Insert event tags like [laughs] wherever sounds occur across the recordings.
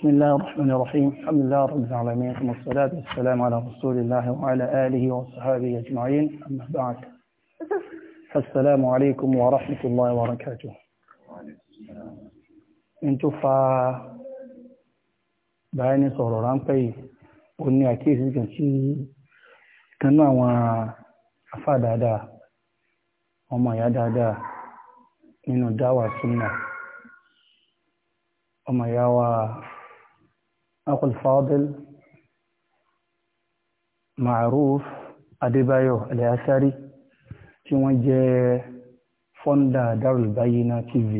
بسم الله الرحمن الرحيم الحمد لله رب العالمين والصلاة والسلام على رسول الله وعلى آله وصحبه أجمعين أما بعد فالسلام عليكم ورحمة الله وبركاته إن تفا بعين صور رامقي وني أكيد كان شيء كان أفاد هذا وما يدى هذا من الدعوة السنة ọmọ ìyá أخو الفاضل معروف أديبايو الأثري tí wọ́n jẹ́ fọ́ndà Darul Bayina TV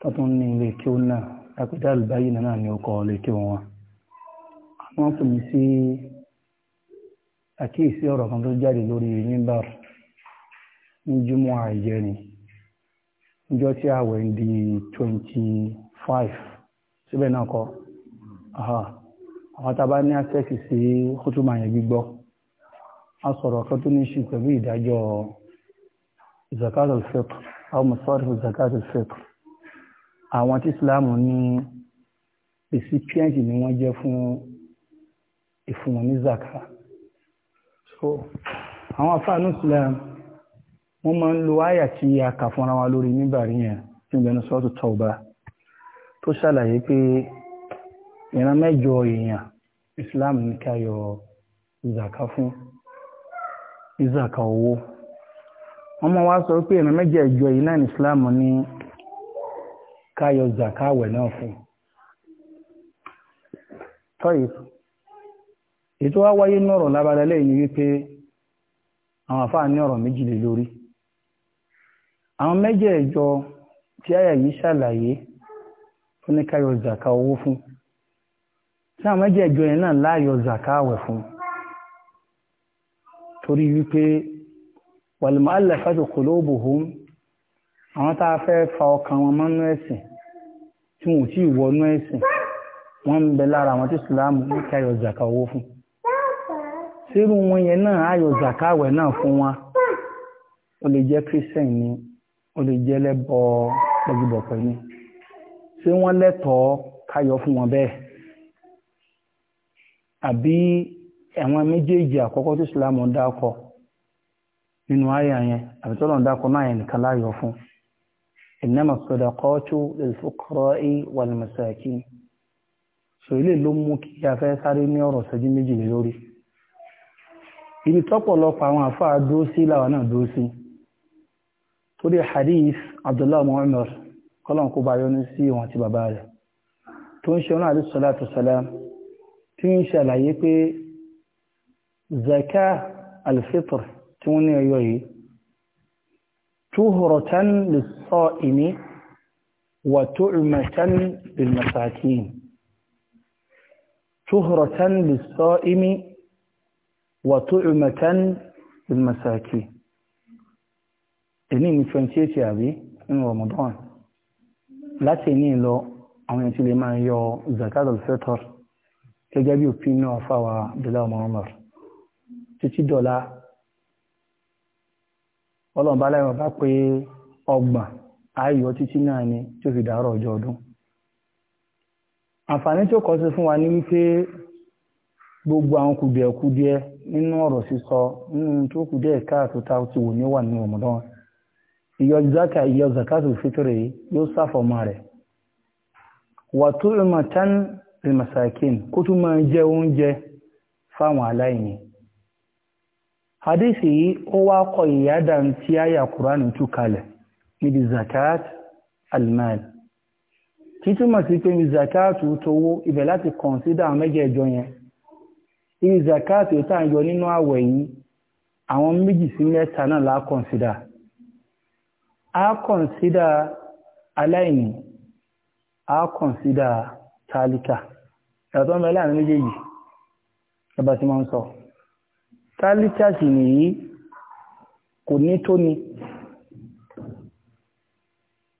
tó tún ní ilé kí ó náà lápé Darul Bayina náà ni ó kọ́ ilé kí wọn wọ́n pè mí sí àkíyèsí ọ̀rọ̀ kan tó jáde lórí mímbàr ní júmọ́ àìjẹrin níjọ́ tí àwẹ̀ ń di twenty five síbẹ̀ náà kọ́ àwọn tàbá ní access sí kútùmà yẹn gbígbọ́ a sọ̀rọ̀ kan tó ní ṣe pẹ̀lú ìdájọ́ zakat al-fitr aw masarif ni wọ́n jẹ́ fún ìfún zaka so àwọn afáànù islam wọ́n máa ń lo àyà tí a kà fúnra wa lórí níbàrí yẹn tó ṣàlàyé pé ìran mẹ́jọ èèyàn islam ní ká yọ ìzàká fún ìzàká owó wọ́n mọ̀ wá sọ pé ìran mẹ́jọ ìjọ yìí náà ní islam ní ká yọ ìzàká àwẹ̀ náà fún tọ́yì ètò wá wáyé nọ̀rọ̀ lábàdà lẹ́yìn wípé àwọn àfáà ní ọ̀rọ̀ méjìlélórí àwọn mẹ́jẹ̀ẹ̀jọ tí àyà yìí ṣàlàyé fún ní ká yọ ìzàká owó fún tí àwọn mẹ́jẹ̀ẹ̀jọ yẹn náà láàyò zakawẹ̀ fún torí wípé wal-mu'allafati qulubuhum àwọn tá a fẹ́ fa ọkàn wọn mọ́nú ẹ̀sìn tí wọn ò tí ì wọnú ẹ̀sìn wọ́n ń bẹ lára àwọn tí ìsìláàmù ní kí ayọ̀ zaka owó fún sírù wọn yẹn náà ayọ̀ zakawẹ̀ náà fún wa ó lè jẹ́ christian ni ó lè jẹ́ lẹ́bọ gbọ̀gbọ̀pẹ̀ ni ṣé wọ́n lẹ́tọ̀ọ́ káyọ̀ fún wọn bẹ́ẹ̀ àbí àwọn méjèèjì àkọ́kọ́ tí ìsìlámù ń dákọ̀ nínú àyà yẹn àbí tọ́lọ̀ ń dákọ̀ náà yẹn nìkan láyọ̀ fún innama sadaqatu lil fuqara'i wal masakin so ilé ló mú kí a fẹ́ sáré ní ọ̀rọ̀ ṣẹ́jú méjì lórí ibi tọ́pọ̀lọpọ̀ àwọn àfáà dúró sí làwọn náà dúró sí torí hadith abdullahi muhammad kọ́lọ̀ kó bá yọ́nú sí wọn àti bàbá rẹ̀ tó ń ṣe ọ́nà àdúsọ́lá tó tí ń ṣàlàyé pé zaka alfitr tí wọ́n ní ọyọ́ yìí lè sọ ìní wa tó tu'matan lil-masakin tuhuratan lis-sa'imi wa tu'matan lil-masakin èní ní 28 àbí nínú Ramadan láti ní lọ àwọn ètìlẹ̀ máa yọ zakat alfitr gẹ́gẹ́ bí òfin náà fáwà abdullahi títí dọ̀la ọlọ́run bá bá pé ọgbọ̀n ayọ̀ títí náà ni tó fi ọjọ́ ọdún àǹfààní tó kọ́ sí fún wa ní wípé gbogbo àwọn kùdìẹ̀kùdìẹ nínú ọ̀rọ̀ sísọ nínú tó kùdìẹ̀ káàtó ta ti wò nínú ọmọdán ìyọ zaka ìyọ yóò ilmasakin kó tún máa jẹ oúnjẹ fáwọn aláìní hadisi yìí ó wá kọ ìyádà tí àyà kùránì tú kalẹ̀ níbi zakat almal títúmọ̀ sí pé níbi zakat tówó ibẹ̀ láti kọ̀nsídà àwọn mẹ́jẹ̀ẹ̀jọ yẹn níbi zakat tó tà ń yọ nínú àwẹ̀ yìí àwọn méjì sí mẹ́ta náà la kọ̀nsídà a kọ̀nsídà aláìní a kọ̀nsídà tálíkà ìyàtọ̀ mẹ́lá ní méjèèjì ẹbà tí wọ́n ń sọ tálítàsì nìyí kò ní tó ni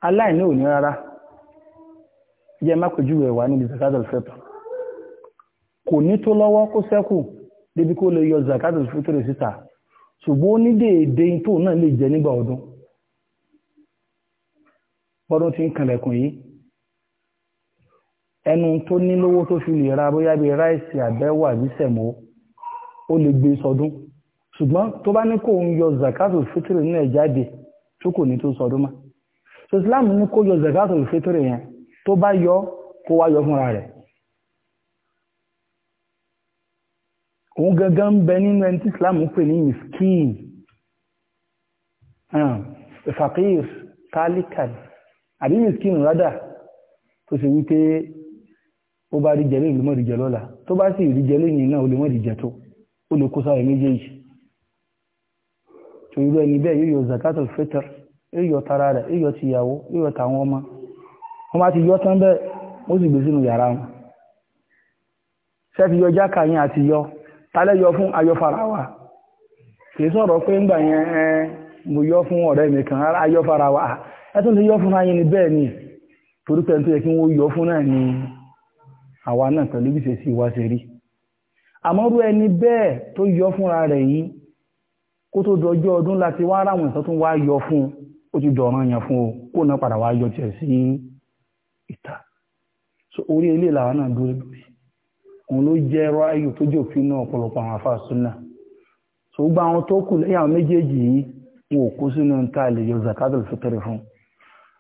aláìní ò ní rárá jẹ́ mákòjú rẹ̀ wá níbi zakatul fitr kò ní tó lọ́wọ́ kó sẹ́kù débi kó lè yọ zakatul fitr síta ṣùgbọ́n ó ní dèédé tó náà lè jẹ nígbà ọdún bọ́dún tí ń kànlẹ̀kùn yìí ẹnu tó ní lówó tó fi lè ra bóyá bí ráìsì àbẹ́wà àbí sẹ̀mọ́ ó lè gbé sọdún ṣùgbọ́n tó bá ní kó ń yọ zakato fitiri náà jáde tó kò ní tó sọdún mọ́ so Islam ní kó yọ zakato fitiri yẹn tó bá yọ kó wá yọ fúnra rẹ̀ òun gangan ń bẹ nínú ẹni tí Islam pè ní miskin fakir talikan àbí miskin rádà tó ṣe wípé ó bá rí jẹ lónìí mọ́ rí jẹ lọ́la tó bá sì rí jẹ lónìí náà ó lè tó ó lè kó méjèèjì tó irú ẹni bẹ́ẹ̀ yọ tara rẹ̀ yóò yọ tìyàwó yóò yọ tàwọn ọmọ wọn bá ti yọ tán bẹ́ẹ̀ ó sì gbé sínú yàrá wọn yọ jáka yẹn àti yọ tálẹ́ yọ fún ayọ́fara wa kìí sọ̀rọ̀ pé ńgbà yẹn ẹ mo yọ fún ọ̀rẹ́ mi kan ayọ́fara wa ah, ẹ tún ti yọ fún bẹ́ẹ̀ ni torí yẹ kí wọ́n yọ fún náà ni àwa náà pẹ̀lú bí ìṣesí wa ṣe rí àmọ́rú ẹni bẹ́ẹ̀ tó yọ fúnra rẹ̀ yìí kó tó dọjọ́ ọdún láti wá ráwọn ìtọ́ tó wá yọ fún ó ti dọ̀ràn yàn fún o kó náà padà wá yọ tiẹ̀ sí ìta so orí ilé làwa náà dúró lórí òun ló jẹ́ ráyò tó jẹ́ òfin náà ọ̀pọ̀lọpọ̀ àwọn afá súnà so gba àwọn tó kù lẹ́yìn àwọn méjèèjì yìí wọn ò kó sínú ta lè yọ zakatul fitr fún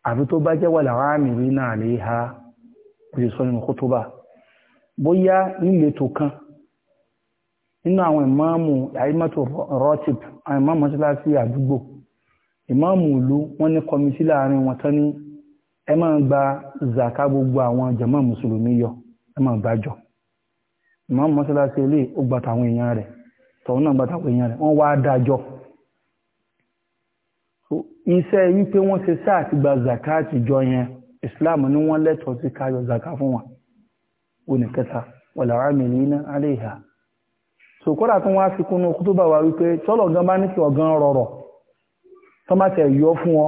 àfi tó bá jẹ́ wà làwọn àmì rí náà lè ha kò sọ nínú kótóbà bóyá níletò kan nínú àwọn ìmáàmù àìmọ́tò rotip àwọn ìmáàmù mọ́sálásí àdúgbò ìmáàmù ìlú wọ́n ní kọmití láàrin wọn tán ní ẹ máa gba zaka gbogbo àwọn jàmáà mùsùlùmí yọ ẹ máa gbà jọ ìmáàmù mọ́sálásí ilé ó gba tàwọn èèyàn rẹ̀ tọ̀hún náà gba tàwọn èèyàn rẹ̀ wọ́n wá dájọ́ iṣẹ́ wípé wọ́n ṣe sáà ti gba zaka àtijọ́ yẹn ìsìláàmù ni wọ́n lẹ́tọ̀ọ́ sí káyọ zaka fún wọn onìkẹta wal-amilina alayha sòkòrà tó wá fi kúnnú kú tó bá wà wípé tọ́lọ̀ gan bá ní kí ọ̀gán rọrọ̀ tọ́mátẹ̀ yọ fún ọ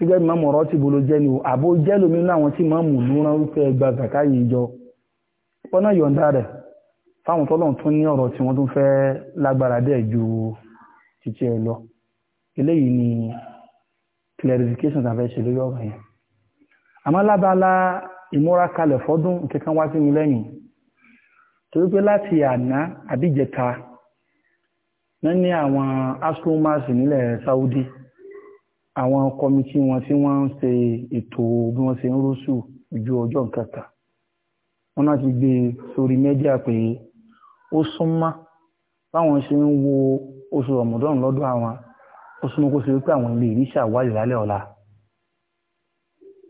gẹ́gẹ́ bí mọ́mù ọ̀rọ̀ ti bolo jẹ́ ni o àbó jẹ́ lómi ní àwọn tí mọ́mù ló rán wípé ẹgbà zàká yìí jọ pọ́nà yọ̀ǹda rẹ̀ fáwọn tọ́lọ̀ tún ní ọ̀rọ̀ tí wọ́n tún fẹ́ lágbára dẹ̀ ju títí ẹ lọ eléyìí ni clarification tàbí ṣe lórí ọ̀rọ̀ yẹn àmọ́ lábala ìmúra kalẹ̀ fọ́dún kankan wá sí mi lẹ́yìn torí pé láti àná àbíjẹta náà àwọn astromas nílẹ̀ Saudi àwọn kọmitì wọn tí wọ́n ń ṣe ètò bí wọ́n ṣe ń rọ́ṣù ju ọjọ́ nǹkan kan wọ́n náà ti gbé sórí mẹ́díà pé ó súnmọ́ báwọn ṣe ń wo oṣù Ramadan lọ́dọ̀ àwọn ó súnmọ́ kó ṣe wípé àwọn ilé ìrísà wáyé lálẹ́ ọ̀la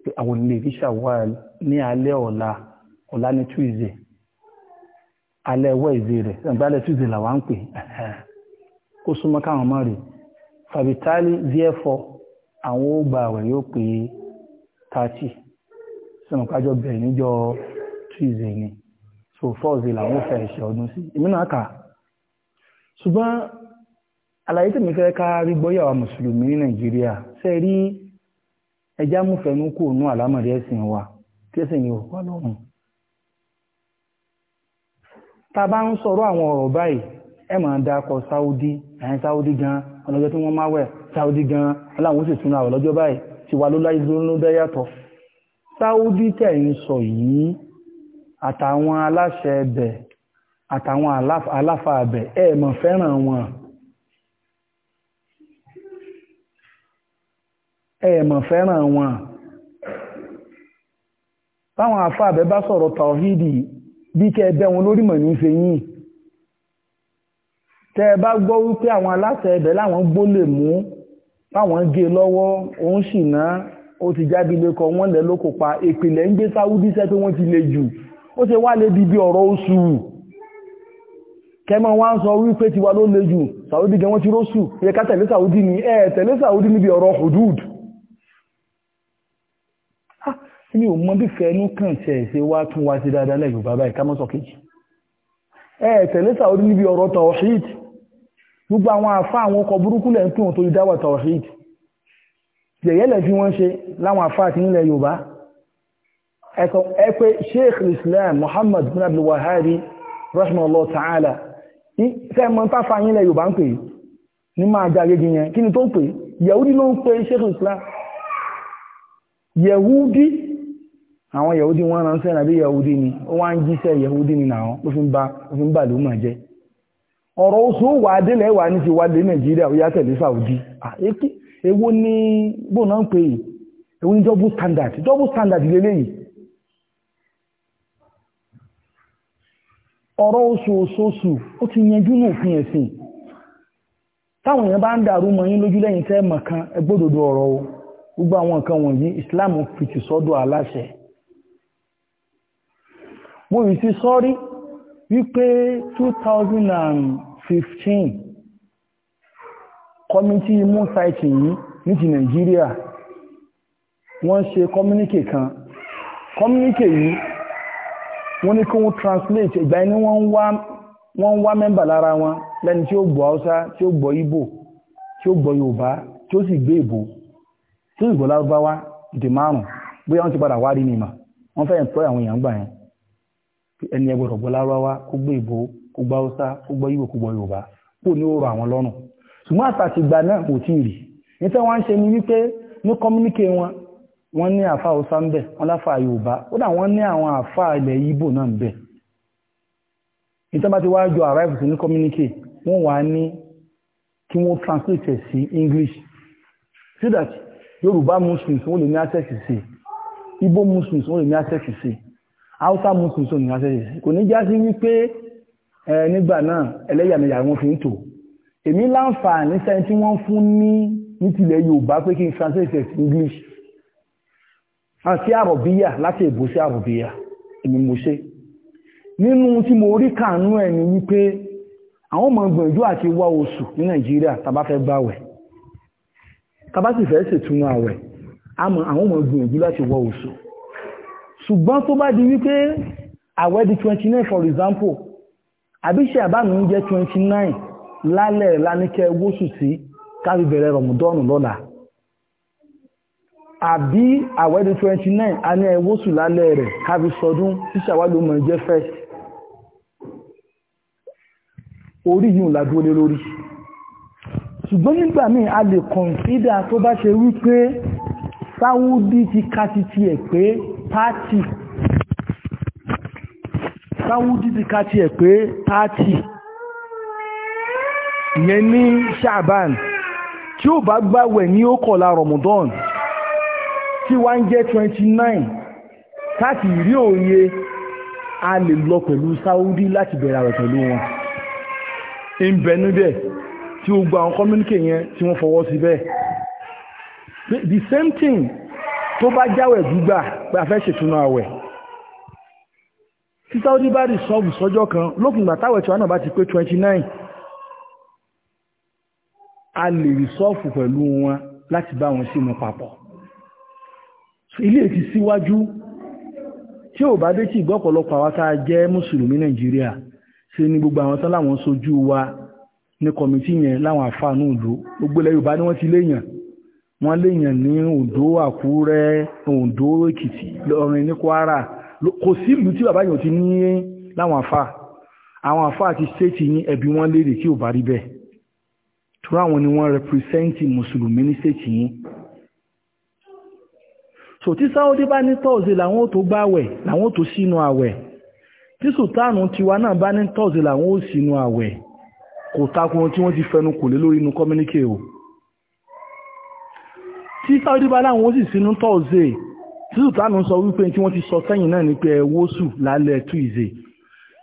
pé àwọn ilé rí ṣàwárí ní alẹ́ ọ̀la ọ̀la ní tuesday alẹ́ wednesday rẹ̀ ìgbàlẹ̀ tuesday làwọn ń pè [laughs] kó súnmọ́ káwọn mọ́ rè fàbítálì therefore àwọn ó gba àwẹ̀ yóò pé thirty sọ̀rọ̀ kájọ bẹ̀rẹ̀ níjọ tuesday ni so thursday làwọn ó fẹ́ ẹ̀ṣẹ̀ ọdún sí èmi náà kà ṣùgbọ́n àlàyé tèmi fẹ́ ká rí gbọ́yàwó mùsùlùmí ní nàìjíríà ṣe rí ẹjá múfẹ̀ẹ́nú kò nú àlámọ̀rí ẹ̀sìn wa kí ẹ̀sìn yìí wà lọ́rùn. tá a bá ń sọ̀rọ̀ àwọn ọ̀rọ̀ báyìí ẹ máa ń dakọ̀ Saudi ẹ̀yìn Saudi gan ọlọ́jọ́ tí wọ́n máa wẹ̀ Saudi gan aláwọn sì tún àwọn ọlọ́jọ́ báyìí ti wà ló láyé ló bẹ́ yàtọ̀. Saudi tẹ̀yìn sọ yìí àtàwọn aláṣẹ ẹbẹ̀ àtàwọn aláfa ẹbẹ̀ ẹ̀ mọ̀ fẹ́ràn wọn. ẹ̀ẹ̀mọ̀ fẹ́ràn wọn táwọn àfáàbẹ́ bá sọ̀rọ̀ tàwíìdì bí kẹ́ bẹ́ wọn lórí mọ̀ ní ṣe yìn tẹ́ ẹ bá gbọ́ wípé àwọn aláṣẹ ẹbẹ̀ láwọn gbó lè mú táwọn gé lọ́wọ́ òun sì ná ó ti jáde ilé kan wọ́n lẹ́ ló kò pa ìpìlẹ̀ ń gbé sáwúdí sẹ́ pé wọ́n ti le jù ó ṣe wá lé bíbí ọ̀rọ̀ oṣù kẹmọ wá ń sọ wípé tiwa ló le jù sàwúdí gẹ wọ́n ti róṣù ẹ̀ka tẹ̀lé sàwúdí ni ẹ̀ tẹ̀lé sàwúdí níbi ọ̀rọ̀ hudud mi ò mọ bí fẹ́ẹ́nú kàn ṣe ẹ̀ṣẹ̀ wá tún wá sí dáadáa lẹ́yìn bàbá ìka mọ́sọ̀ kejì ẹ tẹ̀lé sàórí níbi ọ̀rọ̀ tawhid gbogbo àwọn àfá àwọn ọkọ̀ burúkú lẹ́ ń pè wọn tó dáwà tawhid yẹ̀yẹ́lẹ̀ fi wọ́n ṣe láwọn àfá àti nílẹ̀ Yorùbá ẹ̀kọ́ ẹ pé Sheikh Islam Muhammad bin Abdul Wahhab rahmanallah ta'ala fẹ́mọ́ táfà nílẹ̀ Yorùbá ń pè ní máa já gẹ́gẹ́ yẹn kí ni tó ń pè Yahudi ló ń pè Sheikh Islam àwọn yahudi wọn ránṣẹ́ nàbí yahudi ni ó wá ń jíṣẹ́ yahudi ni náà ó fi ló mà jẹ́ ọ̀rọ̀ oṣù wà délẹ̀ wà ní ti nàìjíríà ó saudi ni bóun ń pè é ewu ni double standard double standard lélẹ́yìn ọ̀rọ̀ oṣù oṣooṣù ó ti yanjú ní òfin ẹ̀sìn táwọn èèyàn bá ń dàrú mọ́ yín kan ẹgbódòdó ọ̀rọ̀ gbogbo àwọn nǹkan islam fìtì mo rí sí sọ́rí wípé 2015 kọmítí imú sáìtì yìí ní ti Nàìjíríà wọ́n ṣe kọmíníkè kan kọmíníkè yìí wọ́n ní kí wọ́n translate ìgbà ẹni wọ́n ń wá mẹ́mbà lára wọn lẹ́ni tí ó gbọ́ Haúsá tí ó gbọ́ Ìgbò tí ó gbọ́ Yorùbá tí ó sì gbé ìbò tí ó sì gbọ́ Lárúbáwá ìdè márùn-ún bóyá wọ́n ti padà wá rí nìmọ̀ wọ́n fẹ́ employ àwọn èèyàn gbà yẹn ẹni ẹgbẹ̀rọ̀ gbọ́ lárúbáwá kó gbé ìbò kó gbá ọ́sá kó gbọ́ ìbò kó gbọ́ yorùbá kó ní òòrùn àwọn lọ́rùn ṣùgbọ́n àtàtì ìgbà náà kò tí ì rí ní tí wọ́n ń ṣe ni wípé ní kọ́míníkè wọn wọ́n ní àfa ọ́sá ń bẹ̀ wọ́n láfa yorùbá ó dà wọ́n ní àwọn àfa ilẹ̀ ìbò náà ń bẹ̀ ní bá ti wá jọ arrive sí ní kọ́míníkè wọ́n wà ní kí wọ́n translate ẹ̀ sí english so that yorùbá muslims wọ́n lè ní access sí ìbò muslims wọ́n lè ní access sí haúsá muslim so nìkan ṣe kò ní já sí wípé nígbà náà ẹlẹ́yàmẹ̀yà wọn fi ń tò èmi láǹfààní sẹ́yìn tí wọ́n fún ní ní tilẹ̀ yorùbá pé kí n translate it english àti àrọ̀bíyà láti èbó sí àrọ̀bíyà èmi mo ṣe nínú tí mo rí kàánú ẹ̀ ni wípé àwọn ọmọ gbìyànjú àti wá oṣù ní nàìjíríà tàbá fẹ́ gbàwẹ̀ tàbá sì fẹ́ ṣètúnú àwẹ̀ àwọn ọmọ gbìyànjú láti wá oṣù ṣùgbọ́n tó bá di wípé àwẹ̀ di nine for example àbí ṣe àbámi ń jẹ́ 29 lálẹ́ láníkẹ́ wóṣù sí kárí bẹ̀rẹ̀ rọ̀mùdọ́nù lọ́la àbí àwẹ̀ di 29 a ní ẹwóṣù lálẹ́ rẹ̀ kárí sọdún tí ṣàwádìí mọ̀ jẹ́ first orí yìí la dúró lé lórí ṣùgbọ́n nígbà míì a lè kọ̀ǹsídà tó bá ṣe wípé sáwúdí ti ká ti tiẹ̀ pé 30 sáwú dídì ká tiẹ̀ pé 30 ìyẹn ní ṣàbán tí ó bá gbàwẹ̀ ní ókọ̀lá Ramadan tí wá ń jẹ́ 29 láti rí òye a lè lọ pẹ̀lú Saudi láti bẹ̀rẹ̀ àwẹ̀ pẹ̀lú wọn ìbẹ̀núbẹ̀ tí ó gba àwọn kọ́míníkè yẹn tí wọ́n fọwọ́ sí bẹ́ẹ̀ the same thing tó bá jáwẹ̀ gbígbà pé a fẹ́ ṣètúnú àwẹ̀ tí Saudi bá rí sọ́ọ̀bù sọ́jọ́ kan lókùn ìgbà táwẹ̀ tí wọn náà bá ti pé twenty nine a lè rí sọ́ọ̀fù pẹ̀lú wọn láti bá wọn sínú papọ̀ ilé ti síwájú tí ò bá dé tí ìgbọ́pọ̀lọpọ̀ àwọn tá a jẹ́ mùsùlùmí Nàìjíríà ṣe ni gbogbo àwọn tán láwọn sojú wa ní kọ̀mìtì yẹn láwọn àfáànù ìlú gbogbo ilẹ̀ Yorùbá ni wọ́n ti léèyàn wọ́n léèyàn ní Oǹdó Àkúrẹ́ Oǹdó Èkìtì lọrin ní Kwara kò sílùú tí bàbá yìí ti ní láwọn àfà àwọn àfà àti stéètì yín ẹbí wọn léèrè tí ò bá rí bẹ́ẹ̀ tura àwọn ni wọ́n rẹpírẹsẹ́ǹtì mùsùlùmí ní stéètì yín so tí Sáúdí bá ní tọ́ọ̀sì làwọn ò tó gbáwẹ̀ làwọn ò tó sínú àwẹ̀ tí sùtánù tiwa náà bá ní tọ́ọ̀sì làwọn ò sínú àwẹ̀ kò takùn tí wọ́n ti fẹnu kò lé lórí inú kọ́míníkè o tí Saudi bá láwọn ó sì sínú tọ́ọ̀zẹ̀ títù tánù sọ wípé tí wọ́n ti sọ sẹ́yìn náà ni pé wóṣù lálẹ́ tuesday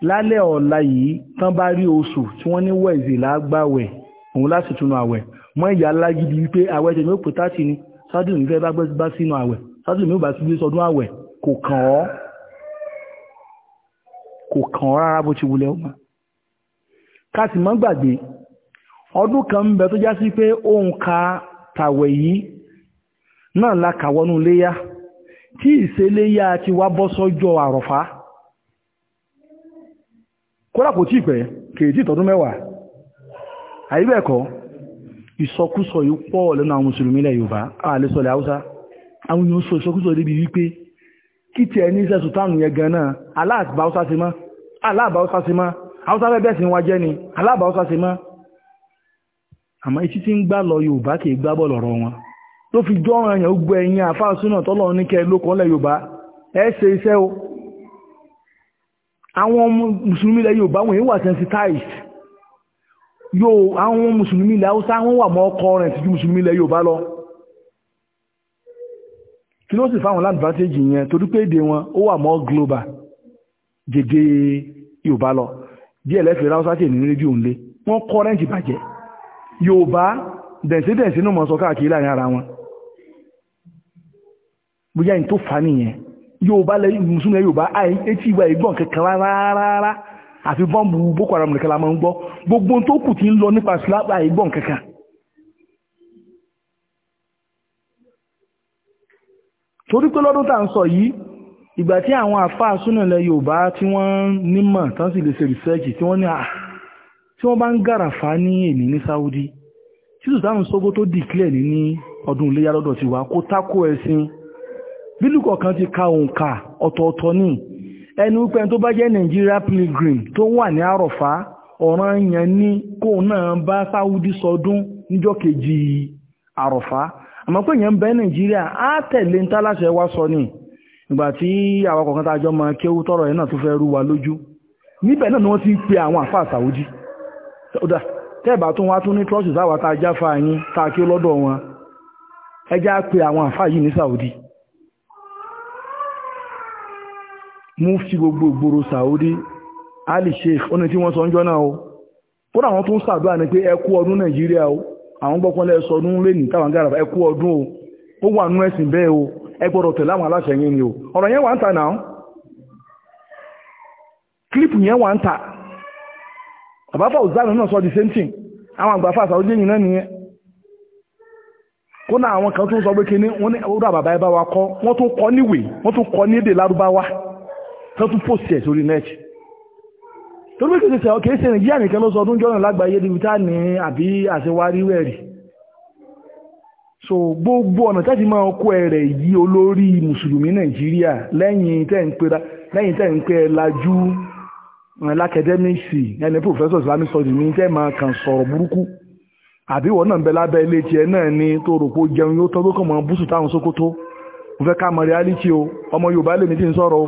lálẹ́ ọ̀la yìí tán bá rí oṣù tí wọ́n ní wẹ̀ẹ̀zẹ̀ lágbàwẹ̀ òun láti túnú àwẹ̀ mọ́ ìyá alágídí wípé àwẹ̀ tèmi ó pè táàtì ni Saudi ò ní fẹ́ bá gbé bá sínú àwẹ̀ Saudi ò ní bá gbé sọdún àwẹ̀ kò kàn ọ́ kò kàn ọ́ rárá bó ti wulẹ̀ ó mà ká sì mọ́ gbàgbé ọdún kan ń bẹ tó já sí pé òun ka tàwẹ̀ yìí náà la kàwọnú léyá tí ìṣeléyá ti wá bọ́ sọ́jọ́ àrọ̀fá kódà kò tí pẹ́ kèjì tọdún mẹ́wàá àyíbẹ̀ẹ̀kọ́ ìsọkúsọ yìí pọ̀ lẹ́nu àwọn mùsùlùmí ilẹ̀ yorùbá àlẹ́sọ̀lẹ̀ haúsá àwọn yóò sọ ìsọkúsọ débi wípé kí ti ẹni iṣẹ́ sùtánù yẹn gan náà aláàbà haúsá sí mọ́ aláàbà haúsá ni aláàbà haúsá sí mọ́ àmọ́ etí ń gbá lọ yorùbá kì í gbá tó fi jọ́ràn èèyàn gbogbo ẹ̀yìn àfáàsúnà tọ́lọ̀ ní kẹ́ ló kọ́lẹ̀ yorùbá ẹ ṣe iṣẹ́ o àwọn mùsùlùmí ilẹ̀ yorùbá wọ́n yìí wà sensitized yóò àwọn mùsùlùmí ilẹ̀ haúsá wọ́n wà more current ju mùsùlùmí ilẹ̀ yorùbá lọ kí ló sì fáwọn ládvantage yẹn torí pé èdè wọn ó wà more global jẹjẹ yorùbá lọ díẹ̀ lẹ́fẹ̀ẹ́ haúsá tẹ̀ ní rédíò ńlẹ̀ wọ́n current bàjẹ́ yorùbá dẹ̀sídẹ̀sí ní mọ̀ sọ káàkiri láàrin ara wọn bóyá ní tó fà nìyẹn Yorùbá lẹ mùsùlùmí Yorùbá etí ìwà ìgbọ̀n kankan rárá àfi bọ́ǹbù Boko Haram nìkan la máa ń gbọ́ gbogbo tó kù ti ń lọ nípa sílábà ìgbọ̀n kankan torí pé lọ́dún tá à ń sọ yìí ìgbà tí àwọn àfáà súnà ilẹ̀ Yorùbá tí wọ́n nímọ̀ tán sì lè ṣe rìsẹ́ẹ̀kì tí wọ́n ní à ah! tí wọ́n bá ń gàràfà ní èní ní Saudi tí Sultan Sokoto declare ní ọdún iléyà lọ́dọ̀ tiwa kó tako ẹ̀sìn bílùkọ̀ kan ti ka òǹkà ọ̀tọ̀ọ̀tọ̀ ní ẹni wípé tó bá jẹ́ Nigeria pilgrim tó wà ní àrọ̀fá ọ̀ràn yẹn ní kó náà bá sáwúdí sọdún níjọ́ kejì àrọ̀fá àmọ́ pé yẹn ń bẹ sọ ní ìgbà tí àwọn kọ̀ọ̀kan a jọ mọ kéwú tọrọ yẹn náà tó fẹ́ rú wa lójú níbẹ̀ náà ni wọ́n ti ń pe àwọn àfa àsàwójì tẹ́ẹ̀bà tó wá tún ní trọ́ọ̀sì sáwà tá a wọn ẹ pe àwọn àfa yìí ní mufti gbogbo ìgboro Saudi Ali Sheikh ó ní tí wọ́n sọ ń jọ náà o kódà àwọn tó ń sàdúrà ní pé ẹ kú ọdún Nàìjíríà o àwọn gbọ́kànlẹ̀ sọ ọdún lè ní táwọn gàràbà ẹ kú ọdún o ó wà nú ẹ̀sìn bẹ́ẹ̀ o ẹ gbọ́dọ̀ àwọn aláṣẹ yẹn ni o ọ̀rọ̀ yẹn wà ń ta náà kílípù yẹn wà ń ta àbáfà òzánù náà sọ the same thing àwọn àgbàfà Saudi yẹn náà nìyẹn kódà àwọn kan tó ń sọ pé kíní wọ́n ní ọdún àbàbá ẹ bá wa kọ́ wọ́n tó kọ́ níwèé wọ́n tó kọ́ ní èdè lárúbáwá kan tún post ẹ̀ sórí net torí pé kìí ṣe ọkẹ́ ṣe nàìjíríà nìkan ló sọ ọdún jọ́nà lágbàáyé níbi tá ní àbí àṣewáríwẹ̀ rì so gbogbo ọ̀nà tẹ́tí máa kó ẹ̀rẹ̀ yí olórí mùsùlùmí nàìjíríà lẹ́yìn tẹ́ ń pè lajú eh, lákẹ́dẹ́míìsì ẹni professor islamic studies ní tẹ́ máa kàn sọ̀rọ̀ burúkú àbí wọ́n náà ń bẹ lábẹ́ ilé tiẹ̀ náà ni tó rò pé jẹun yóò tọ́ tó kàn mọ́ búṣù táwọn sókótó mo fẹ́ ká mọ̀ reality o ọmọ yorùbá lèmi ti ń sọ̀rọ̀ o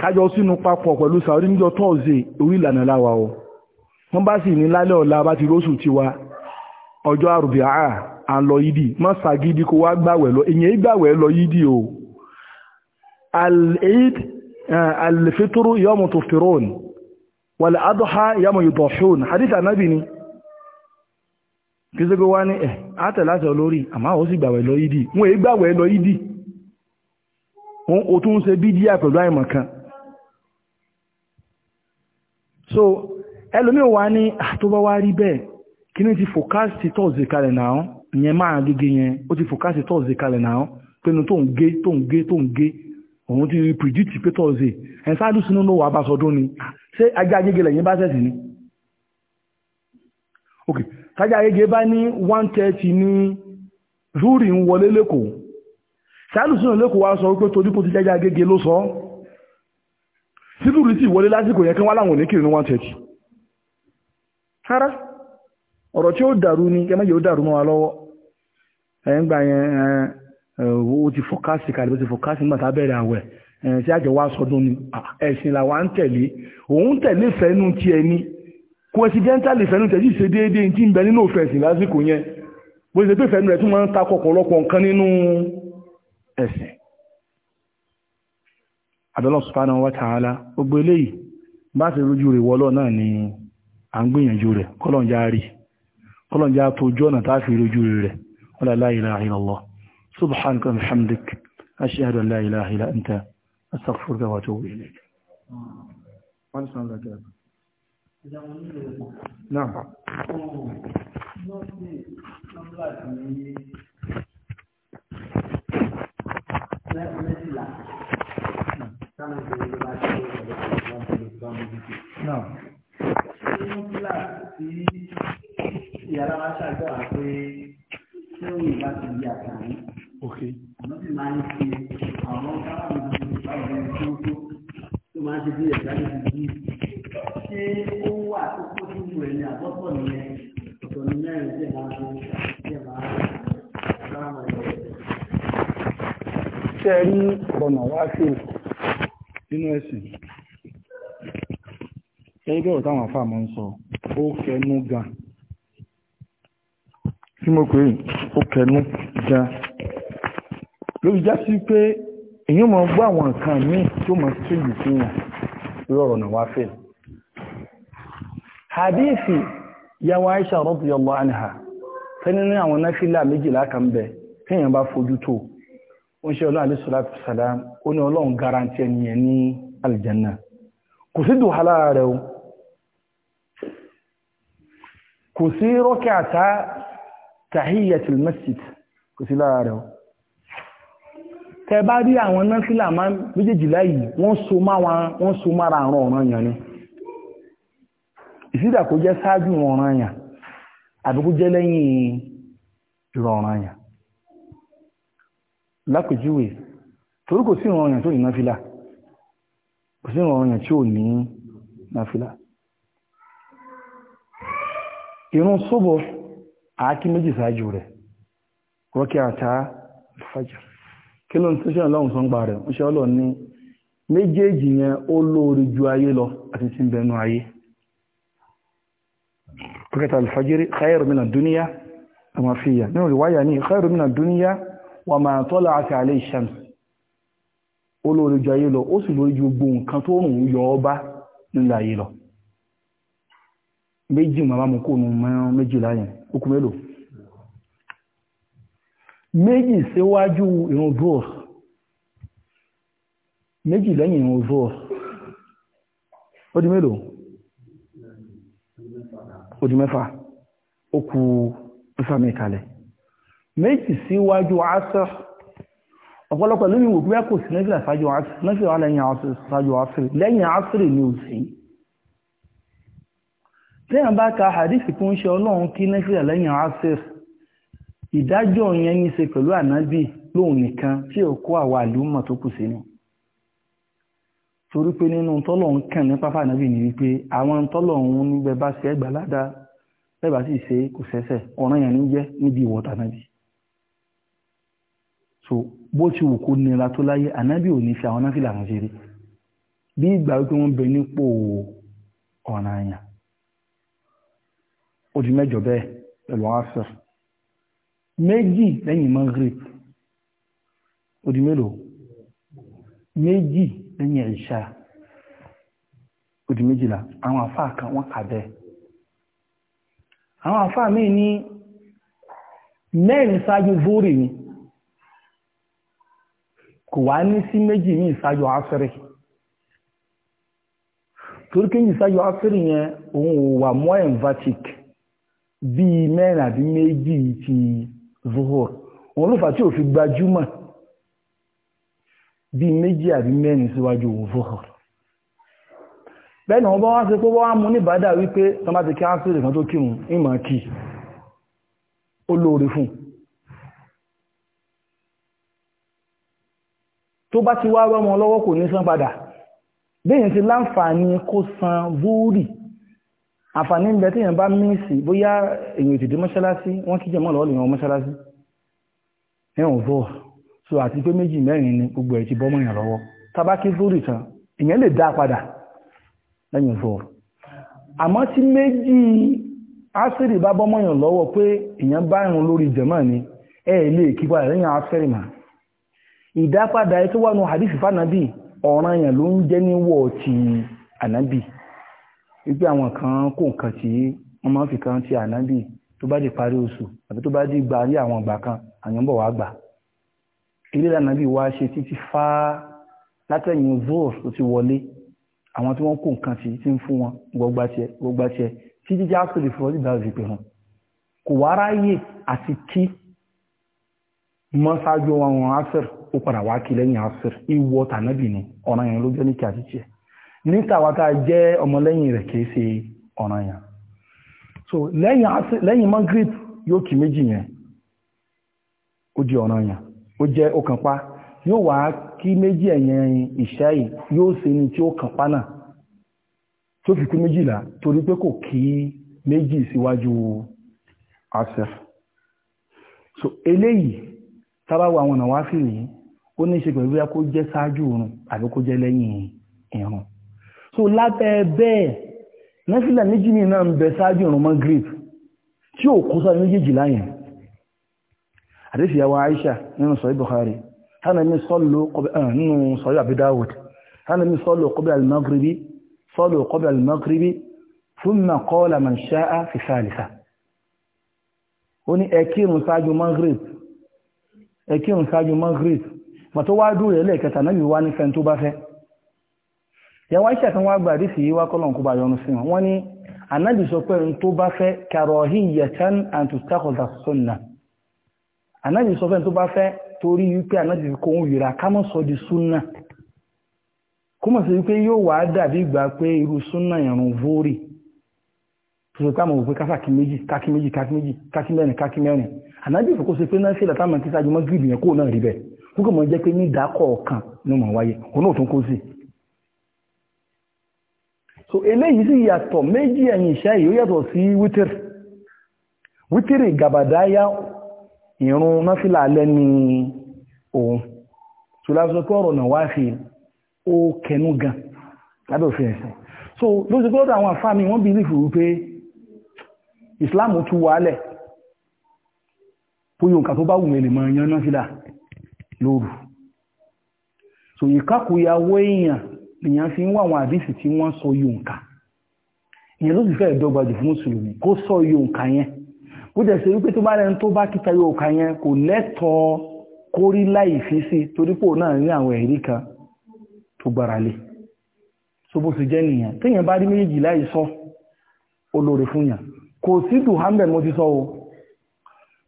kájọ sínú papọ̀ pẹ̀lú sàórí níjọ tọ́ọ̀zẹ̀ orí ìlànà láwa o wọ́n bá sì ní lálẹ́ ọ̀la bá ti róṣù tiwa ọjọ́ àrùbí àá à ń lọ yídì má ṣàgídí kó wá gbàwẹ̀ lọ èyàn gbàwẹ̀ lọ yídì o al-eid al-fitru yawm tuftirun wal adha yawm yudhahun hadith anabi ni kí sẹ́gbẹ́ wá ní ẹ̀ eh, àtẹ̀láṣẹ olórí àmọ́ àwọn sì gbàwẹ̀ lọ yídì wọ́n èyí gbàwẹ̀ lọ yídì wọ́n ò tún ṣe bídíà pẹ̀lú àìmọ̀kan so ẹlòmí ò wá ní àtọ́bá wá rí bẹ́ẹ̀ kí ní ti fòkásì tọ́ọ̀sì kalẹ̀ náà ìyẹn máa gẹ́gẹ́ yẹn ó ti fòkásì tọ́ọ̀sì kalẹ̀ náà pẹ̀lú tó ń gé tó ń gé tó ń gé òun ti predict pé tọ́ọ̀sì ẹ̀ sáàdù sínú ló wà bá sọdún ni ṣé ajá agége lẹ́yìn bá sẹ̀sì ni ok tájá agége bá ní one thirty ní rúurì ń wọlé lẹ́kọ̀ọ́ sáàdù sínú lẹ́kọ̀ọ́ wá sọ wípé torí kò ti jájá agége ló sọ ọ́ tìlúrí sì wọlé lásìkò yẹn kí wọ́n láwọn oníkiri ní 130 rárá ọ̀rọ̀ tí ó dàrú ni kẹ́mẹ́ yóò dàrú mọ́ wa lọ́wọ́ ẹ̀yìn gbà yẹn ó ti fọ́kásì kàlẹ́ ó ti fọ́kásì nígbà tá àwẹ̀ sí àjẹ́ wa sọdún ni ẹ̀sìn làwa ń tẹ̀lé òun tẹ̀lé fẹ́nu ti ẹni coincidentally fẹ́nu tẹ̀sí ṣe déédéé tí ń bẹ nínú òfin ẹ̀sìn lásìkò yẹn bó ṣe pé fẹ́nu rẹ̀ tún máa àbẹ́lọ́ subhanahu wa ta'ala gbogbo eléyìí bá ti rújú rẹ̀ wọ́lọ́ náà ni à ń gbìyànjú rẹ̀ kọ́lọ̀njá rí kọ́lọ̀njá tó ojú ọ̀nà tá fi rújú rẹ̀ wala la ilaha illallah subhanaka Thank you. Ìyàrá wa ṣàgbọ́ra pé tí ó yìí bá ti di àtàrí. Àmọ́ sì máa ń ṣe àwọn káwọn ìgbàlódé báwọn ẹni tó tó tó máa ń ṣe bí ẹ̀dá ní ti bí. Ṣé ó wà tó kó sínú rẹ̀ ní àtọ́tọ̀ nìyẹn? Ọ̀tọ̀ ni mẹ́rin tí ẹ̀ máa ọ̀nà wá sí ìlú? sínú ẹ̀sìn ẹgbẹ́ ọ̀rọ̀ táwọn afá mọ́ ń sọ ó kẹnu gan tí mo pè ó kẹnu gan lórí já sí pé èyí mọ̀ gbọ́ àwọn nǹkan míì tó mọ̀ sí ìlú fún yàn lórí ọ̀rọ̀ náà wá fẹ́ hadithi yàwó Aisha radiyallahu anha fẹ́ nínú àwọn náfìlà méjìlá kan bẹ̀ téèyàn bá fojú tó ó ń ṣe ọlọ́run alayhi salatu salam ó ní ọlọ́run garanti ẹni ẹ̀ ní aljanna kò sí dùhálà rẹ̀ o kò sí rọ́kẹ̀ta tahiyyatul masjid kò sí lára rẹ̀ o tẹ bá rí ìrọ̀ràn yàn lápèjúwe torí kò sí ìrun ọ̀yàn tó ní náfìlà kò sí ìrun ọ̀yàn tí ò ní náfìlà ìrun sóbò àákí méjì ṣáájú rẹ̀ rọ́kí àtà ìfàjà kí ló ń tó ṣe ọlọ́run sọ ń rẹ̀ ń ṣe ọlọ́run ní méjèèjì yẹn ó lóore ju ayé lọ àti ti ń bẹnu ayé rọ́kí àtà ìfàjẹ́rí mina dúníyà àmàfíyà nínú ìwáyà mina wà máa tọ́lá àti àlẹ́ ìṣẹ́m ó lórí ju ayé lọ ó sì lórí ju gbogbo nǹkan tó rùn yọ ọba nílẹ̀ ayé lọ méjì màmá mú kó nù mẹ́rán méjìlá yẹn ó kú mélòó méjì síwájú ìrun dúọ̀ méjì lẹ́yìn ìrun dúọ̀ ó di mélòó ó di mẹ́fà ó kú ìfàmì kalẹ̀ méjì síwájú asr ọ̀pọ̀lọpọ̀ lórí wò pé kò sí nẹ́fìlà ṣáájú asr nẹ́fìlà lẹ́yìn asr lẹ́yìn asr ni ò sí lẹ́yìn bá ka hadithi kún ṣe ọlọ́run kí nẹ́fìlà lẹ́yìn asr ìdájọ́ yẹn ní ṣe pẹ̀lú ànábì lóun nìkan tí ò kó àwa àlùmọ̀ tó kù sínú torí pé nínú tọ́lọ̀ ń kàn ní pápá ànábì ni wípé àwọn tọ́lọ̀ ń níbẹ̀ bá ṣe ẹgbàá ládàá bẹ́ẹ̀ bá sì ṣe kò sẹ́sẹ̀ ọ̀ràn yẹn ní jẹ́ níbi ìwọ̀ta ànábì so bó ti wù kó nira tó láyé ànábì ò ní fi àwọn náfìlà kan ṣeré bí ìgbà wípé wọ́n bẹ nípò ọ̀ràn àyàn ó di mẹ́jọ bẹ́ẹ̀ pẹ̀lú asr méjì lẹ́yìn maghrib ó di mélòó méjì lẹ́yìn ìṣà ó di méjìlá àwọn àfáà kan wọ́n kà bẹ́ẹ̀ àwọn àfáà míì ní mẹ́rin ṣáájú vóòrè ni kò wá ní sí méjì ní ìsájọ asiri torí kí ìsájọ asiri yẹn òun ò wà mọ́ emphatic bíi mẹ́rin àbí méjì ti zuhur òun ló fà tí ò fi gbajúmọ̀ bíi méjì àbí mẹ́rin síwájú zuhur bẹ́ẹ̀ni wọ́n bá wá sí pé wọ́n á mú ní bàdà wípé tọ́mátì kí asiri kan tó kírun ìmọ̀ kí ó lóore fún un tó bá ti wá rọ́mọ lọ́wọ́ kò ní san padà bẹ́yìn ti láǹfààní kó san búrì àǹfààní ìbẹ̀ tí èèyàn bá míìsì bóyá èèyàn ètùtù mọ́ṣáláṣí wọ́n kí jẹ́mọ́ lọ́wọ́ lèèyàn mọ́ṣáláṣí ẹ̀hùn vọ́ so àti pé méjì mẹ́rin ni gbogbo ẹ̀ ti bọ́ mọ́ èèyàn lọ́wọ́ tábà kí búrì tán èèyàn lè dá padà lẹ́yìn vọ́ àmọ́ tí méjì ásírì bá bọ́ mọ́ èèyàn pé èèyàn bá irun lórí jẹ̀mọ́ ni ẹ̀ lè kí padà lẹ́yìn afẹ́rìmọ̀ ìdápadà tó wà nù hadith fanabi ọ̀ràn yẹn ló ń jẹ́ níwọ̀ ti ànábì wípé àwọn kan kó nǹkan tí wọ́n máa ń fi kan ti ànábì tó bá di parí oṣù àbí tó bá di gba ní àwọn ìgbà kan àyàn bọ̀ wá gbà ilé ànábì wá ṣe títí fá látẹ̀yìn zoos tó ti wọlé àwọn tí wọ́n kó nǹkan tí ti ń fún wọn gbogbo tiẹ̀ títí já sí lè fọwọ́ ìgbà òsì pé hàn kò wá ráyè àti kí mọ́ wọn wọn á fẹ́rẹ̀ o padà wá kí lẹ́yìn asir ni ọ̀ràn yẹn ló jẹ́ ní kí àti tiẹ̀ ní ta tá a jẹ́ ọmọlẹ́yìn rẹ̀ kìí ṣe ọ̀ràn so asir méjì yẹn o jẹ́ ọ̀ràn yẹn ó jẹ́ ó kàn pa yóò méjì yi se ni tí o kan pa na tó fi kú méjìlá torí pé kò méjì asir so eleyi ó ní ṣe pẹ̀lú kó jẹ́ ṣáájú irun àbí kó jẹ́ lẹ́yìn irun so lábẹ́ bẹ́ẹ̀ nẹ́fìlà méjì ní náà ń bẹ ṣáájú irun Maghrib tí ò kó sáré méjèèjì láyẹn àdéfìyàwó Aisha nínú sọ Bukhari hánà mi sọ́lù nínú sọ Abi Dawud hánà mi sọ́lù qabla al-Maghribi sọ́lù qabla al-Maghribi thumma qala man fi thalitha ó ní ẹkírun ṣáájú Maghrib mà tó wá dúró rẹ̀ lẹ́ẹ̀kẹta náà yìí wá ní fẹ́ni tó bá fẹ́ yàwó iṣẹ́ kan wá gbà rí sí wá kọ́lọ̀ kó bá yọnu sí wọn wọ́n ní anábì sọ pé n tó bá fẹ́ karahiyatan an tuttakhadha sunnah anábì sọ pé n tó bá fẹ́ torí wípé anábì kò ń yìra ká mọ́ sọ di súnà kó mọ̀ sí wípé yóò pé irú súnà ìrùn vórì méjì kákí méjì kákí méjì kákí mẹ́rin kákí mẹ́rin anábì fòkó kí sáájú mọ́ nígbà mọ̀ jẹ́ pé ní ìdákọ̀ọ̀kan ló mọ̀ wáyé òun náà kó sí so eléyìí sì yàtọ̀ méjì ẹ̀yìn iṣẹ́ yìí ó yàtọ̀ sí wítìrì wítìrì gàbàdáyá ìrun náfìlà alẹ́ ni òun so lásán pé ọ̀rọ̀ náà wá fi ó kẹnu gan lábẹ́ so ló ti gbọ́dọ̀ àwọn àfáàmì wọ́n bí nífi wípé Islam tú wálẹ̀ bóyá nǹkan tó bá wù mí lè mọ yan náfìlà lóru so ìkákòyàwó èèyàn lèyàn fi ń wá àwọn àdísì tí wọ́n sọ yòǹkà ìyẹn ló sì fẹ́ dọ́gba jù fún mùsùlùmí kó sọ yòǹkà yẹn ó dẹ̀ ṣe wípé tó bá rẹni tó bá kíta yòǹkà yẹn kò lẹ́tọ̀ọ́ kó rí láì fi sí torí pò náà ní àwọn ẹ̀rí kan tó gbára lé so bó ṣe jẹ́ nìyẹn téèyàn bá rí méjì láì sọ ó fún yàn kò sí dùhámbẹ̀ mo ti sọ o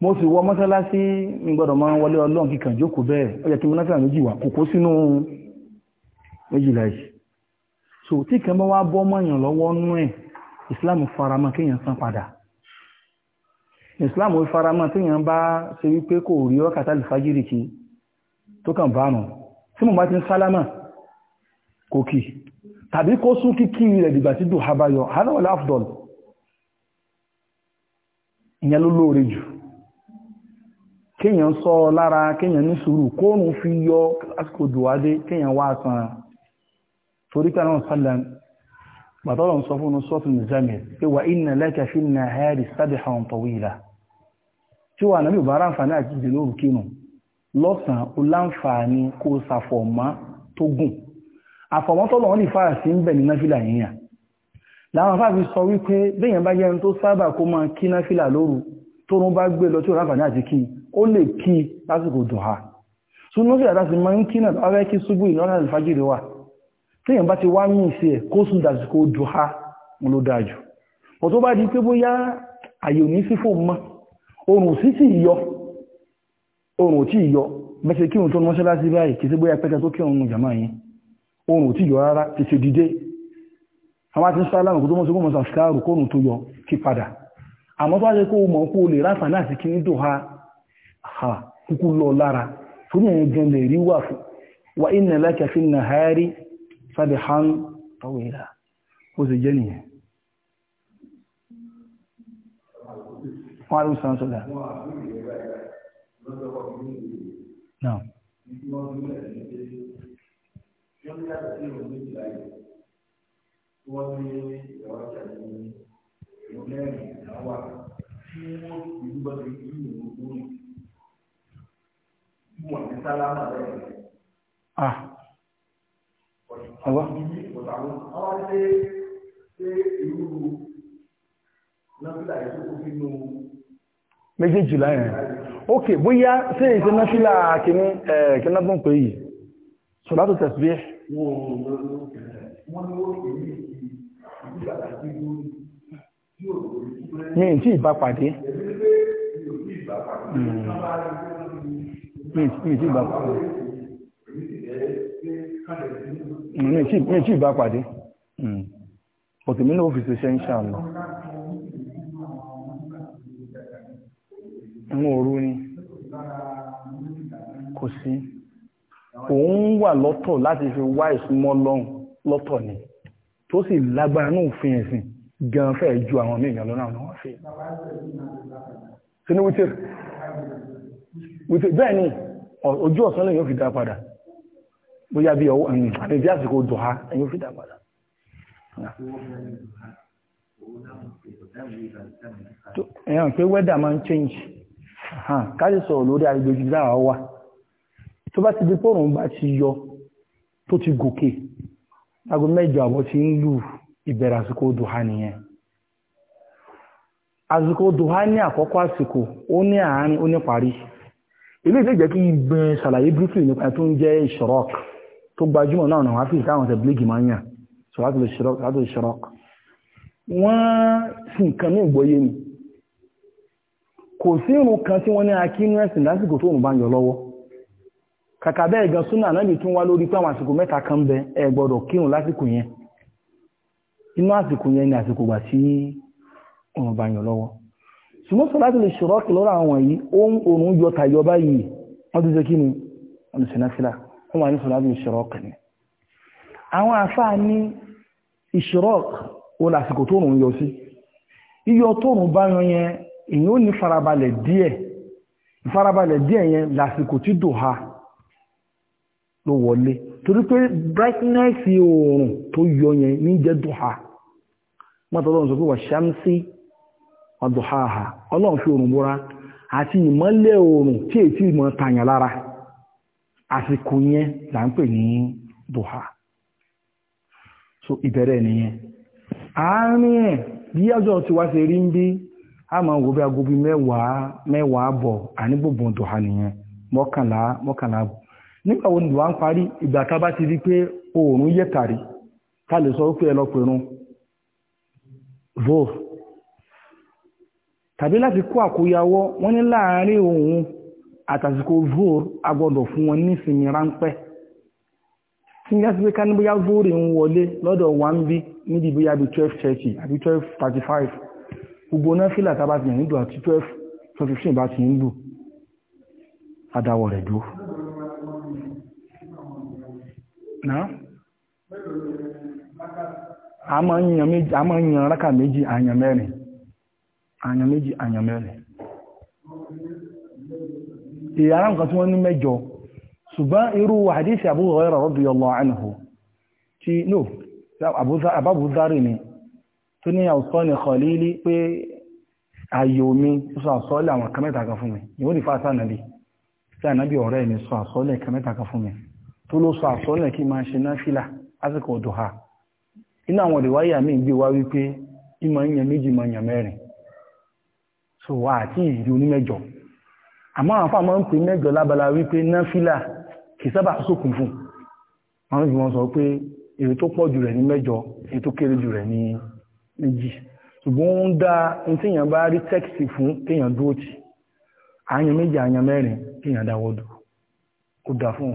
mo sì wọ mọ́sálásí mi gbọ́dọ̀ máa ń wọlé ọlọ́run kíkàn jókòó bẹ́ẹ̀ ó yẹ kí mo náà méjì wà kókó sínú méjìlá yìí so tí kan bá wá bọ́ mọ́yàn lọ́wọ́ nú ẹ̀ ìsìláàmù faramọ́ kéèyàn san padà ìsìláàmù faramọ́ téèyàn bá ṣe wípé kò rí wákàtí àlùfájìrì kí tó kàn bá nù tí mo bá ti ń sálámà kò kì tàbí kó sún kíkí rẹ̀ dìgbà tí dùn habayọ̀ hánà ìyẹn ló lóore jù kéèyàn sọ lára kéèyàn ní sùúrù fi yọ lásìkò dùwádé kéèyàn wá san torí pé àwọn sálẹ̀ pàtọ́lọ̀ sọ fún un sọ́tún nìzẹ́mì pé wà inna laka fi nahari sabhan tawila tí wà nàbí bá ráǹfààní àti ìdè lóru kínú lọ́sàn ó láǹfààní kó sàfọ̀mọ́ tó gùn àfọ̀mọ́ tọ́lọ̀ wọn lè ń bẹ̀ ní náfìlà sọ wípé bá ó lè kí lásìkò dùhà so lórí àdáṣe máa ń kí náà tó afẹ́ kí ṣubú ìlọ́nà ìfàjìrì wà téèyàn bá ti wá mí sí ẹ̀ kó sùn dàsìkò dùhà ló dáa jù ọ̀ tó bá di pé bóyá àyè òní sífò mọ́ oòrùn sí sì yọ oòrùn tí yọ mẹ́sẹ̀ kí oòrùn tó mọ́ṣáláṣí báyìí kìí sí bóyá pẹ́ta tó kí oòrùn jàmá yìí oòrùn tí yọ rárá ti ṣe dìde àwọn àti sálámù kò tó mọ́ṣe kó mọ́ṣe àṣìkáàrù kóòrùn tó yọ kí padà àmọ́ tó wáṣe kó mọ̀ kó lè ráfà láti kí ní dòha ha kúkú lọ lára torí ẹ̀yẹn gan lè rí wà fún wa inna laka fi nahari sabihan tawila ó sì jẹ́ nìyẹn wọ́n arúgbó sáà sọ́dá náà wọ́n ní ìyàwó àjà ní ìlú mẹ́rin àwọn àti tí wọ́n ìlú bá ti rí ìlú gbogbo wọn ní sálámà lẹ́yìn. ọwọ́. ọwọ́ ṣe ṣe ìlú nọ́fílà yìí tó fi nù. méjèèjì láyìn ok bóyá ṣe ìṣe nọ́fílà kìíní kìíní pé yìí sọlá tó tẹ̀sí bí. wọ́n ní wọ́n kì í ìdílé àti ìdílé mi tí ìbá pàdé ọ̀tẹ̀mí hmm. náà fi ṣeṣẹ́ ń ṣàlọ́ mú orú ni kò sí òun wà lọ́tọ̀ láti fi wá ìsúnmọ́ lọ́hùn lọ́tọ̀ ni tó sì lágbára náà fi ẹ̀sìn gan fẹ́ ju àwọn míì gan lọ́nà àwọn fi wípé bẹ́ẹ̀ ni ojú ọ̀sán lẹ́yìn ó fi dá padà bóyá bí ọwọ́ ẹ̀yìn bí àsìkò dọ̀ha ẹ̀yìn ó fi dá padà ẹ̀yàn pé wẹ́dà change káàdì sọ̀rọ̀ lórí agbègbè dára wà tó bá ti di bá ti yọ tó ti gòkè lágo mẹ́jọ àbọ̀ ti ń lù ìbẹ̀rẹ̀ àsìkò dùhá nìyẹn àsìkò dùhá ní àkọ́kọ́ àsìkò ó ní àárín ó ní ilé ìdè jẹ́ kí gbin ṣàlàyé briefly nípa tó ń jẹ́ ìṣọ́rọ́k tó gbajúmọ̀ náà náà wáfíì táwọn ṣe blake máa ń yàn ṣọ́rọ́k ìṣọ́rọ́k wọ́n sì nǹkan ní ìgbọ́yé ni kò sí irun kan tí wọ́n ní akínú ẹ̀sìn lásìkò tó òun bá ń yọ lọ́wọ́ kàkà bẹ́ẹ̀ gan súnà náà lè tún wá lórí pé àsìkò mẹ́ta kan ń bẹ ẹ gbọ́dọ̀ kírun lásìkò yẹn inú àsìkò yẹn ni àsìkò gbà tí òun bá ń yọ lọ́wọ́ ṣùgbọ́n sọ́lá ti lè ṣọ́rọ́kì lọ́rọ̀ àwọn yìí ohun oòrùn yọ tàyọ báyìí wọ́n ti ṣe kí ni wọ́n ti ṣe náfílà wọ́n wà ní sọ́lá ti lè ṣọ́rọ́kì ni àwọn àfáà ní ìṣọ́rọ́kì ó lásìkò tó rùn yọ sí yíyọ tó bá yan yẹn èyí ó ní farabalẹ̀ díẹ̀ ìfarabalẹ̀ díẹ̀ yẹn lásìkò tí dòha ló wọlé torí pé brightness oòrùn tó yọ yẹn ní jẹ́ dòha mọ́tọ́lọ́run sọ pé wà ṣámsí ọdùnháàhà ọlọ́run fi àti ìmọ́lẹ̀ òrùn tí èsì ìmọ̀ tàyàn lára yẹn la n pè ní so ìbẹ̀rẹ̀ nìyẹn àárín ẹ̀ bí ọjọ́ ti wá ṣe rí ń bí a máa wò bí agobi nígbà wo ni ń parí ìgbà tá bá ti sọ pé ẹ lọ tàbí láti kó àkóyawọ́ wọ́n ní láàárín òun àtàsìkò vóòr agbọ́dọ̀ fún wọn ní ìsinmi ráńpẹ́ tí ní yásí pé ká ní bóyá vóòr ń wọlé lọ́dọ̀ wọn bí níbi bóyá bí twelve thirty àbí twelve thirty five gbogbo náà fìlà tá a bá ti yàn nídò àti twelve twelve fifteen bá ti ń lù adáwọ̀ rẹ̀ dúró. a máa ń yan rákà méjì àyàn mẹ́rin àyàn méjì àyàn mẹ́rin ìyára nǹkan tí wọ́n ní mẹ́jọ ṣùgbọ́n irú hadisi Abu Hurairah radiyallahu anhu tí no àbábúzárì ni tó ní àwùsọ́ ni khalili pé ayò mi sọ àsọ́lẹ̀ àwọn kamẹ́ta kan fún mi yóò rí fásá nàbí tí ànábì ọ̀rẹ́ mi sọ àsọ́lẹ̀ kamẹ́ta kan fún mi tó ló sọ àsọ́lẹ̀ kí máa ṣe náfìlà lásìkò duha inú àwọn so wà àti ìdí onímẹ́jọ àmọ́ àwọn afáàmọ́ ń pè mẹ́jọ lábala wípé náfílà kì sábà sókùn fún àwọn ìgbìmọ̀ sọ pé èrè tó pọ̀ jù rẹ̀ ní mẹ́jọ èrè tó kéré jù rẹ̀ ní méjì ṣùgbọ́n ó ń dá ní téèyàn bá rí fún téèyàn dúró àyàn méjì àyàn mẹ́rin dáwọ́ ó fún